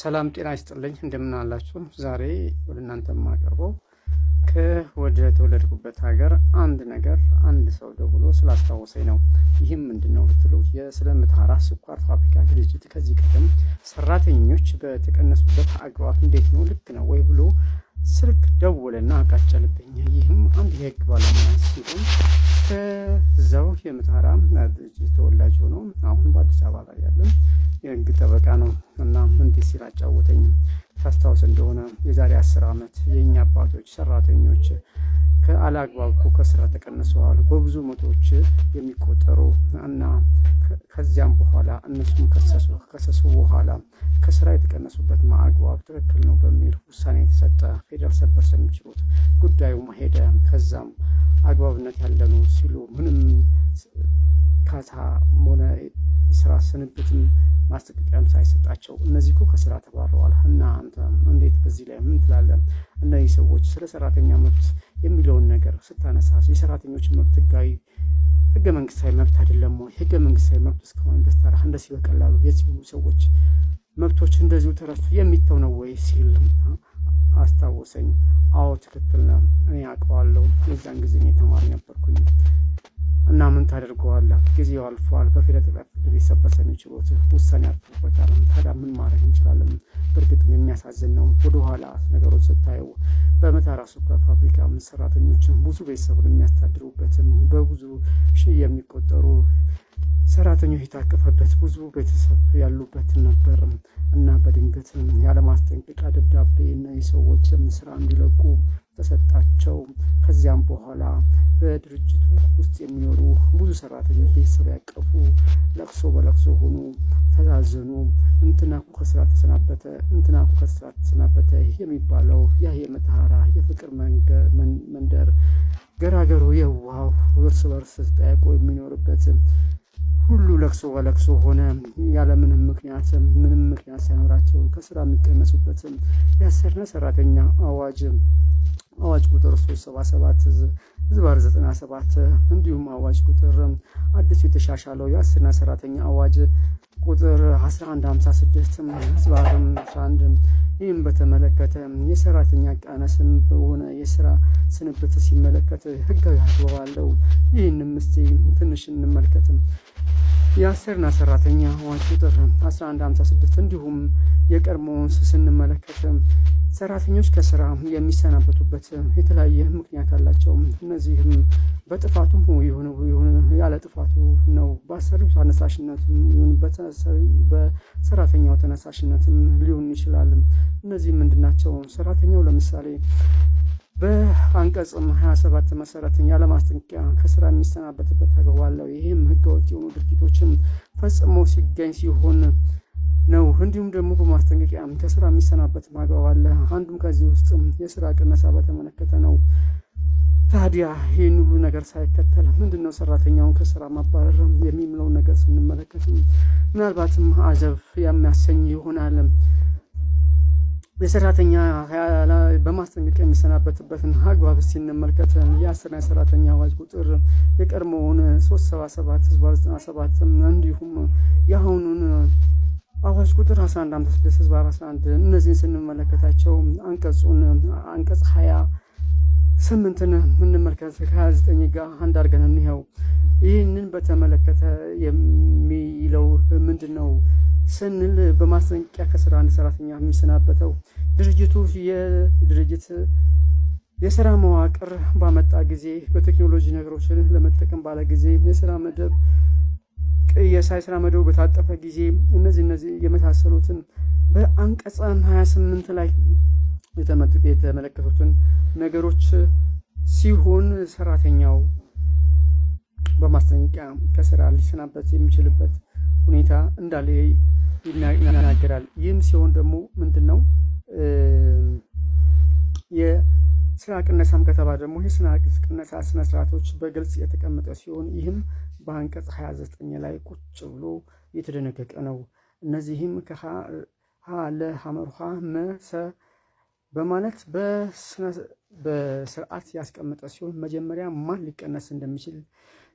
ሰላም ጤና ይስጥልኝ፣ እንደምን አላችሁ? ዛሬ ወደ እናንተ የማቀርበው ከወደ ተወለድኩበት ሀገር አንድ ነገር አንድ ሰው ደውሎ ስላስታወሰኝ ነው። ይህም ምንድን ነው ብትሉ የስለምታራ ስኳር ፋብሪካ ድርጅት ከዚህ ቀደም ሰራተኞች በተቀነሱበት አግባብ እንዴት ነው ልክ ነው ወይ ብሎ ስልክ ደወለና አቃጨልብኝ። ይህም አንድ የህግ ባለሙያ ሲሆን ከዛው የምታራ ድርጅት ተወላጅ ሆኖ አሁን በአዲስ አበባ ላይ ያለም የህግ ጠበቃ ነው እና እንዲህ ሲል አጫወተኝ። ታስታውስ እንደሆነ የዛሬ አስር ዓመት የእኛ አባቶች ሰራተኞች ከአላግባብኩ ከስራ ተቀንሰዋል በብዙ መቶዎች የሚቆጠሩ እና ከዚያም በኋላ እነሱም ከሰሱ። ከከሰሱ በኋላ ከስራ የተቀነሱበት ማአግባብ ትክክል ነው በሚል ውሳኔ የተሰጠ ፌደራል ሰበር ሰሚ ችሎት ጉዳዩም ሄደ። ከዛም አግባብነት ያለ ነው ሲሉ ምንም ካሳ ሆነ የስራ ስንብትም ማስጠንቀቂያም ሳይሰጣቸው እነዚህ እኮ ከስራ ተባረዋል እና እንዴት በዚህ ላይ ምን ትላለን? እነዚህ ሰዎች ስለ ሰራተኛ መብት የሚለውን ነገር ስታነሳ የሰራተኞች መብት ህጋዊ ህገ መንግስታዊ መብት አይደለም ወይ? ህገ መንግስታዊ መብት እስከሆነ ደስ ታዲያ እንደዚህ በቀላሉ የዚህ ሁሉ ሰዎች መብቶች እንደዚሁ ተረሱ የሚተው ነው ወይ ሲል አስታወሰኝ። አዎ ትክክል ነው። እኔ አውቀዋለሁ። የዛን ጊዜ ተማሪ ነበርኩኝ። እና ምን ታደርገዋለህ? ጊዜው አልፏል። ጥበብ ሊሰበር ስለሚችሉት ውሳኔ አጥቶበታል። ታዲያ ምን ማድረግ እንችላለን? በእርግጥም የሚያሳዝን ነው። ወደኋላ ነገሮች ስታየው በመታራ ሱፐር ፋብሪካ ሰራተኞችን ብዙ ቤተሰቡን የሚያስተዳድሩበትን በብዙ ሺህ የሚቆጠሩ ሰራተኞች የታቀፈበት ብዙ ቤተሰብ ያሉበት ነበር እና በድንገት ያለማስጠንቀቂያ ደብዳቤ እና የሰዎች ስራ እንዲለቁ ተሰጣቸውም። ከዚያም በኋላ በድርጅቱ ውስጥ የሚኖሩ ብዙ ሰራተኞች ቤተሰብ ያቀፉ፣ ለቅሶ በለቅሶ ሆኑ፣ ተዛዘኑ። እንትናኩ ከስራ ተሰናበተ፣ እንትናኩ ከስራ ተሰናበተ የሚባለው ያ የመተሃራ የፍቅር መንደር ገራገሩ የዋው እርስ በርስ ተጠያይቆ የሚኖርበት ሁሉ ለቅሶ በለቅሶ ሆነ። ያለምንም ምክንያት ምንም ምክንያት ሳይኖራቸው ከስራ የሚቀነሱበትም ያሰርነ ሰራተኛ አዋጅ አዋጅ ቁጥር 377 ዝባር 97 እንዲሁም አዋጅ ቁጥር አዲሱ የተሻሻለው የአስርና ሰራተኛ አዋጅ ቁጥር 1156 ዝባር 11 ይህም በተመለከተ የሰራተኛ ቃነስም በሆነ የስራ ስንብት ሲመለከት ህጋዊ አግባብ አለው። ይህንም እስቲ ትንሽ እንመልከትም። የአስርና ሰራተኛ አዋጅ ቁጥር 1156 እንዲሁም የቀድሞውን ስንመለከት ሰራተኞች ከስራ የሚሰናበቱበት የተለያየ ምክንያት አላቸው። እነዚህም በጥፋቱም ያለ ጥፋቱ ነው፣ በአሰሪው ተነሳሽነትም ይሁን በሰራተኛው ተነሳሽነትም ሊሆን ይችላል። እነዚህ ምንድናቸው? ሰራተኛው ለምሳሌ በአንቀጽም 27 መሰረትም ያለማስጠንቀቂያ ከስራ የሚሰናበትበት አግባባለው ይህም ህገወጥ የሆኑ ድርጊቶችን ፈጽሞ ሲገኝ ሲሆን ነው። እንዲሁም ደግሞ በማስጠንቀቂያ ከስራ የሚሰናበት አለ። አንዱም ከዚህ ውስጥም የስራ ቅነሳ በተመለከተ ነው። ታዲያ ይህን ሁሉ ነገር ሳይከተል ምንድነው ሰራተኛውን ከስራ ማባረር የሚምለውን ነገር ስንመለከትም ምናልባትም አዘብ የሚያሰኝ ይሆናል። የሰራተኛ በማስጠንቀቂያ የሚሰናበትበትን አግባብ ሲንመልከት የአስር የሰራተኛ አዋጅ ቁጥር የቀድሞውን 377 ህዝባዊ 97 እንዲሁም የአሁኑን አዋጅ ቁጥር 1156 ህዝብ 11 እነዚህን ስንመለከታቸው አንቀጹን አንቀጽ 20 ስምንትን እንመልከት ከ29 ጋር አንድ አድርገን እንየው። ይህንን በተመለከተ የሚለው ምንድን ነው? ስንል በማስጠንቀቂያ ከስራ አንድ ሰራተኛ የሚሰናበተው ድርጅቱ የድርጅት የስራ መዋቅር ባመጣ ጊዜ በቴክኖሎጂ ነገሮችን ለመጠቀም ባለ ጊዜ የስራ መደብ ቅየሳ የስራ መደቡ በታጠፈ ጊዜ እነዚህ እነዚህ የመሳሰሉትን በአንቀጸ 28 ላይ የተመለከቱትን ነገሮች ሲሆን ሰራተኛው በማስጠንቀቂያ ከስራ ሊሰናበት የሚችልበት ሁኔታ እንዳለ ይናገራል። ይህም ሲሆን ደግሞ ምንድን ነው የስራ ቅነሳም ከተባ ደግሞ የስራ ቅነሳ ስነስርዓቶች በግልጽ የተቀመጠ ሲሆን ይህም በአንቀጽ 29 ላይ ቁጭ ብሎ የተደነገቀ ነው። እነዚህም ከሀ ለሐመርሃ መሰ በማለት በስርዓት ያስቀመጠ ሲሆን መጀመሪያ ማን ሊቀነስ እንደሚችል፣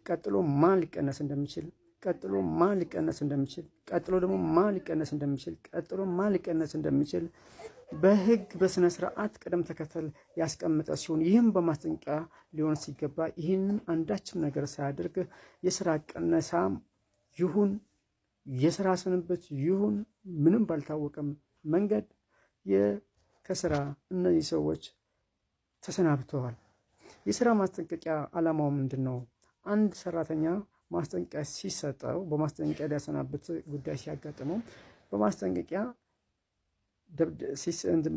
ቀጥሎ ማን ሊቀነስ እንደሚችል ቀጥሎ ማ ሊቀነስ እንደሚችል ቀጥሎ ደግሞ ማ ሊቀነስ እንደሚችል ቀጥሎ ማ ሊቀነስ እንደሚችል በህግ በስነ ስርዓት ቅደም ተከተል ያስቀመጠ ሲሆን ይህም በማስጠንቀቂያ ሊሆን ሲገባ ይህን አንዳችም ነገር ሳያደርግ የስራ ቅነሳ ይሁን የስራ ስንብት ይሁን ምንም ባልታወቀም መንገድ ከስራ እነዚህ ሰዎች ተሰናብተዋል። የስራ ማስጠንቀቂያ ዓላማው ምንድን ነው? አንድ ሰራተኛ ማስጠንቀቂያ ሲሰጠው በማስጠንቀቂያ ሊያሰናብት ጉዳይ ሲያጋጥመው በማስጠንቀቂያ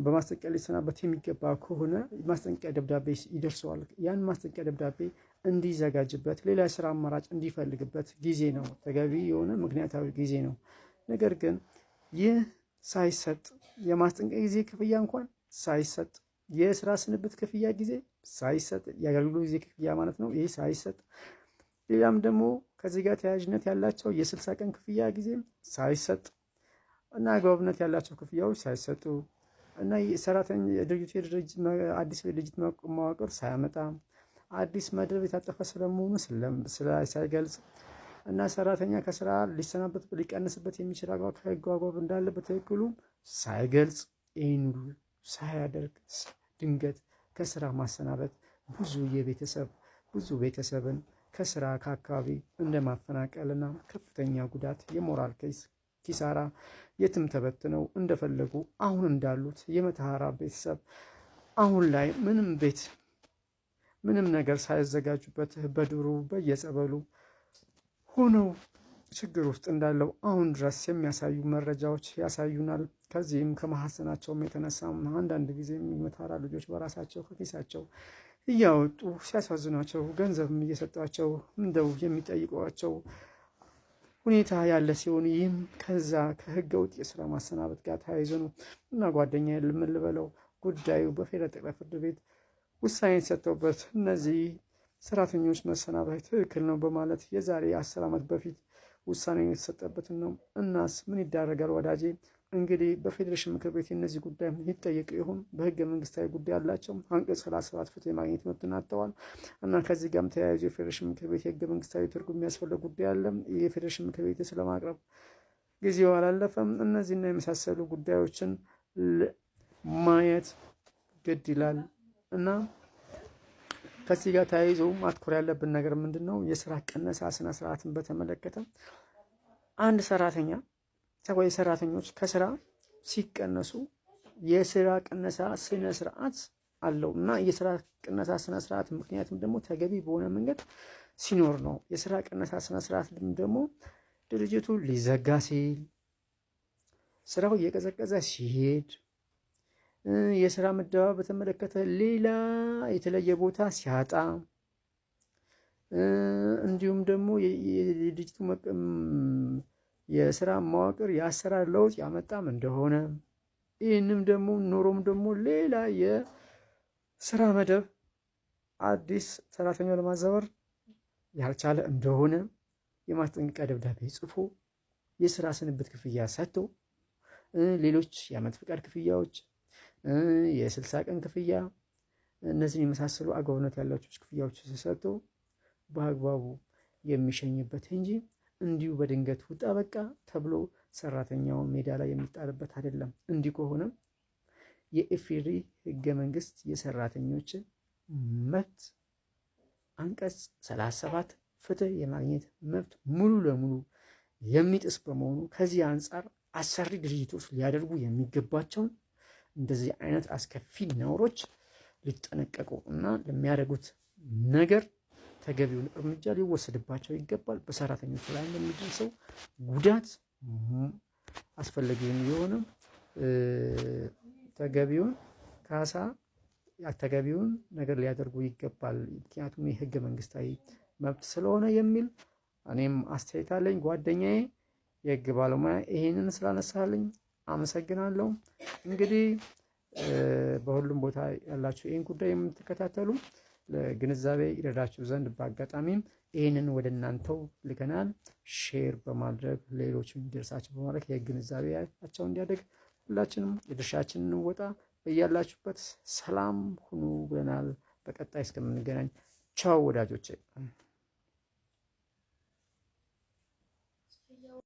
በማስጠንቀቂያ ሊሰናበት የሚገባ ከሆነ ማስጠንቀቂያ ደብዳቤ ይደርሰዋል። ያን ማስጠንቀቂያ ደብዳቤ እንዲዘጋጅበት፣ ሌላ የስራ አማራጭ እንዲፈልግበት ጊዜ ነው። ተገቢ የሆነ ምክንያታዊ ጊዜ ነው። ነገር ግን ይህ ሳይሰጥ የማስጠንቀቂያ ጊዜ ክፍያ እንኳን ሳይሰጥ የስራ ስንብት ክፍያ ጊዜ ሳይሰጥ የአገልግሎት ጊዜ ክፍያ ማለት ነው። ይህ ሳይሰጥ ሌላም ደግሞ ከዚህ ጋር ተያያዥነት ያላቸው የስልሳ ቀን ክፍያ ጊዜም ሳይሰጥ እና አግባብነት ያላቸው ክፍያዎች ሳይሰጡ እና ሰራተኛ የድርጅቱ አዲስ ድርጅት መዋቅር ሳያመጣ አዲስ መድረብ የታጠፈ ስለመሆኑ ሳይገልጽ እና ሰራተኛ ከስራ ሊሰናበት ሊቀንስበት የሚችል አግባብ ከህግ አግባብ እንዳለ በትክክሉ ሳይገልጽ ይህን ሁሉ ሳያደርግ ድንገት ከስራ ማሰናበት ብዙ የቤተሰብ ብዙ ቤተሰብን ከስራ ከአካባቢ እንደ ማፈናቀልና ከፍተኛ ጉዳት፣ የሞራል ኪሳራ፣ የትም ተበትነው እንደፈለጉ አሁን እንዳሉት የመተሃራ ቤተሰብ አሁን ላይ ምንም ቤት ምንም ነገር ሳያዘጋጁበት በድሩ በየጸበሉ ሆነው ችግር ውስጥ እንዳለው አሁን ድረስ የሚያሳዩ መረጃዎች ያሳዩናል። ከዚህም ከማሐሰናቸውም የተነሳም አንዳንድ ጊዜ የመተሃራ ልጆች በራሳቸው ከኪሳቸው እያወጡ ሲያሳዝኗቸው ገንዘብም እየሰጧቸው እንደው የሚጠይቋቸው ሁኔታ ያለ ሲሆን ይህም ከዛ ከህገ ውጥ የስራ ማሰናበት ጋር ተያይዞ ነው እና ጓደኛ የልምልበለው ጉዳዩ በፌዴራል ጠቅላይ ፍርድ ቤት ውሳኔ ሰጥተውበት እነዚህ ሰራተኞች መሰናበት ትክክል ነው በማለት የዛሬ አስር ዓመት በፊት ውሳኔ የተሰጠበትን ነው። እናስ ምን ይዳረጋል ወዳጄ? እንግዲህ በፌዴሬሽን ምክር ቤት የእነዚህ ጉዳይ ይጠየቅ ይሁን በህገ መንግስታዊ ጉዳይ ያላቸው አንቀጽ ሰላሳ ሰባት ፍትህ መብትን አጥተዋል እና ከዚህ ጋርም ተያይዞ የፌዴሬሽን ምክር ቤት የህገ መንግስታዊ ትርጉም የሚያስፈልግ ጉዳይ አለ። የፌዴሬሽን ምክር ቤት ስለማቅረብ ጊዜው አላለፈም። እነዚህና የመሳሰሉ ጉዳዮችን ማየት ግድ ይላል እና ከዚህ ጋር ተያይዞ ማትኮር ያለብን ነገር ምንድን ነው? የስራ ቅነሳ ስነ ስርዓትን በተመለከተ አንድ ሰራተኛ ተጓዥ ሰራተኞች ከስራ ሲቀነሱ የስራ ቅነሳ ስነ ስርዓት አለው እና የስራ ቅነሳ ስነ ስርዓት ምክንያትም ደግሞ ተገቢ በሆነ መንገድ ሲኖር ነው። የስራ ቅነሳ ስነ ስርዓት ደግሞ ድርጅቱ ሊዘጋ ሲል፣ ስራው እየቀዘቀዘ ሲሄድ፣ የስራ ምደባ በተመለከተ ሌላ የተለየ ቦታ ሲያጣ እንዲሁም ደግሞ የድርጅቱ የስራ መዋቅር የአሰራር ለውጥ ያመጣም እንደሆነ ይህንም ደግሞ ኑሮም ደግሞ ሌላ የስራ መደብ አዲስ ሰራተኛ ለማዛወር ያልቻለ እንደሆነ የማስጠንቀቂያ ደብዳቤ ጽፎ የስራ ስንብት ክፍያ ሰጥቶ ሌሎች የአመት ፍቃድ ክፍያዎች፣ የስልሳ ቀን ክፍያ እነዚህን የመሳሰሉ አግባብነት ያላቸው ክፍያዎች ሰጥቶ በአግባቡ የሚሸኝበት እንጂ እንዲሁ በድንገት ውጣ በቃ ተብሎ ሰራተኛው ሜዳ ላይ የሚጣልበት አይደለም። እንዲህ ከሆነም የኢፌዴሪ ህገ መንግስት የሰራተኞች መብት አንቀጽ ሰላሳ ሰባት ፍትህ የማግኘት መብት ሙሉ ለሙሉ የሚጥስ በመሆኑ ከዚህ አንጻር አሰሪ ድርጅቶች ሊያደርጉ የሚገባቸውን እንደዚህ አይነት አስከፊ ነውሮች ሊጠነቀቁ እና ለሚያደርጉት ነገር ተገቢውን እርምጃ ሊወሰድባቸው ይገባል። በሰራተኞች ላይ የሚደርሰው ጉዳት አስፈላጊውን የሆነ ተገቢውን ካሳ ተገቢውን ነገር ሊያደርጉ ይገባል። ምክንያቱም የህገ መንግስታዊ መብት ስለሆነ የሚል እኔም አስተያየት አለኝ። ጓደኛዬ የህግ ባለሙያ ይሄንን ስላነሳልኝ አመሰግናለሁ። እንግዲህ በሁሉም ቦታ ያላችሁ ይህን ጉዳይ የምትከታተሉ ለግንዛቤ ይረዳችሁ ዘንድ በአጋጣሚም ይህንን ወደ እናንተው ልከናል። ሼር በማድረግ ሌሎች እንዲደርሳቸው በማድረግ የግንዛቤያቸው እንዲያደግ ሁላችንም የድርሻችንን እንወጣ። እያላችሁበት ሰላም ሁኑ ብለናል። በቀጣይ እስከምንገናኝ ቻው ወዳጆቼ።